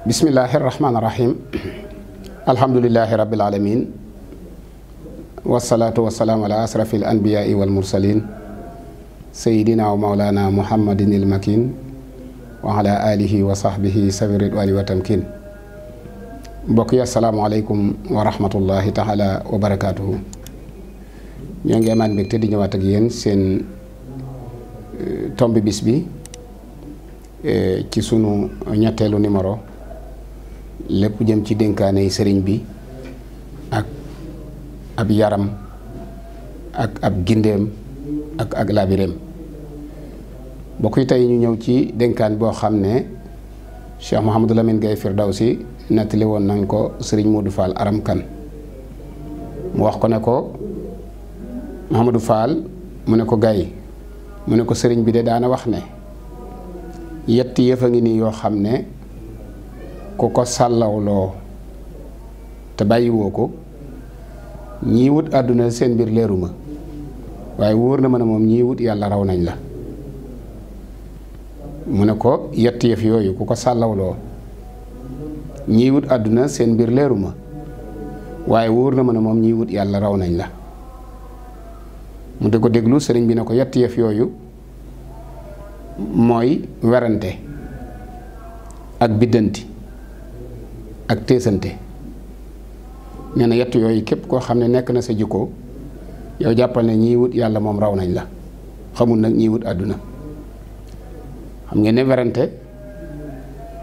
bismillaahi rahmaani rahiim alhamdulillaahi rabbil aalamiin wasalaatu wasalaam ala asrafil anbiyaai wal mursaliin sayyidina wa mawlaana muhammadin il makiin wa ala aalihi wa sahbihi sawi ridwaani wa tamkiin mbokk yi asalaamaaleykum wa rahmatullahi taala wa barakaatuhu ñoo ngi amaat mbégte di ñëwaat ak seen eh, tomb bis bi eh, ci sunu ñetteelu numéro. lépp jëm ci dénkaane sëriñ bi ak ab yaram ak ab gindéem ak ak labireem bokk yi tey ñu ñëw ci dénkaan boo xam ne Cheikh Mouhamadou Lamine Gaye Firdawsi nettali woon nañ ko sëriñ Modou Fall Aram Kan mu wax ko ne ko Mouhamadou Fall mu ne ko gay mu ne ko sëriñ bi de daana wax ne yett yëf a ngi nii yoo xam ne ku ko sàllawloo te bàyyiwoo ko ñii wut àdduna seen mbir leeru ma waaye wóor na ma ne moom ñii wut yàlla raw nañ la mu ne ko yett yëf yooyu ko sàllawloo ñii àdduna seen mbir leeru ma waaye wóor na ma ne moom ñii wut yàlla raw nañ la mu di ko déglu sëriñ bi ne ko yett yëf yooyu mooy werante ak biddanti ak téesante nee na yett yooyu képp koo xam ne nekk na sa jikko yow jàppal na ñii wut yàlla moom raw nañ la xamul nag ñii wut àdduna xam ngeen ne werante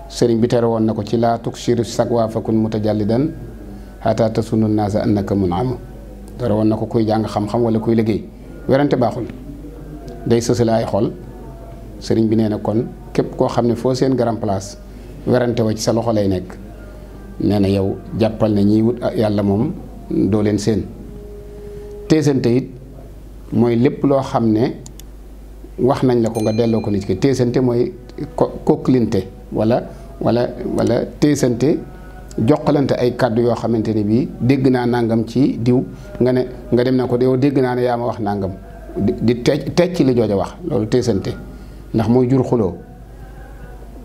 sëriñ bi tere woon na ko ci laa tuksiru sagwa fakun mutajallidan hatta tasunu naasa annaka mun am tere woon na ko kuy jàng xam-xam wala kuy liggéey werante baaxul day sësale ay xol sëriñ bi nee na kon képp koo xam ne foo seen grand place werante wa ci sa loxo lay nekk nee na yow jàppal na ñiy wut yàlla moom doo leen seen téesante it mooy lépp loo xam ne wax nañ la ko nga delloo ko nit ki téesante mooy ko kokklinte walla walla walla téesante joxalante ay kàddu yoo xamante ni bii dégg naa nangam ci diw nga ne nga dem na ko yow dégg naa ne yaa ma wax nangam di tecc ci li jooja wax loolu téesante ndax mooy jur xuloo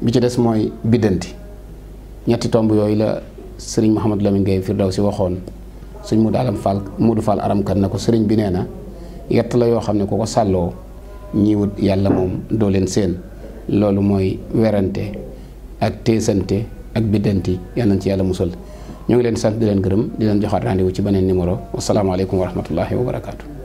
bi ci des mooy biddanti ñetti tomb yooyu la sëriñ Mouhamadou Lamine Gueye si waxoon sëñ Modou Alam Fall Modou Fall aramkan na ko sëriñ bi nee na yett la yoo xam ne ko ko sàlloo ñii yàlla moom doo leen seen loolu mooy werante ak teesante ak biddanti yàlla nañ ci yàlla musal ñu ngi leen sant di leen gërëm di leen joxaat rendez-vous ci beneen numéro wasalaamaaleykum wa rahmatullahi wa barakaatu.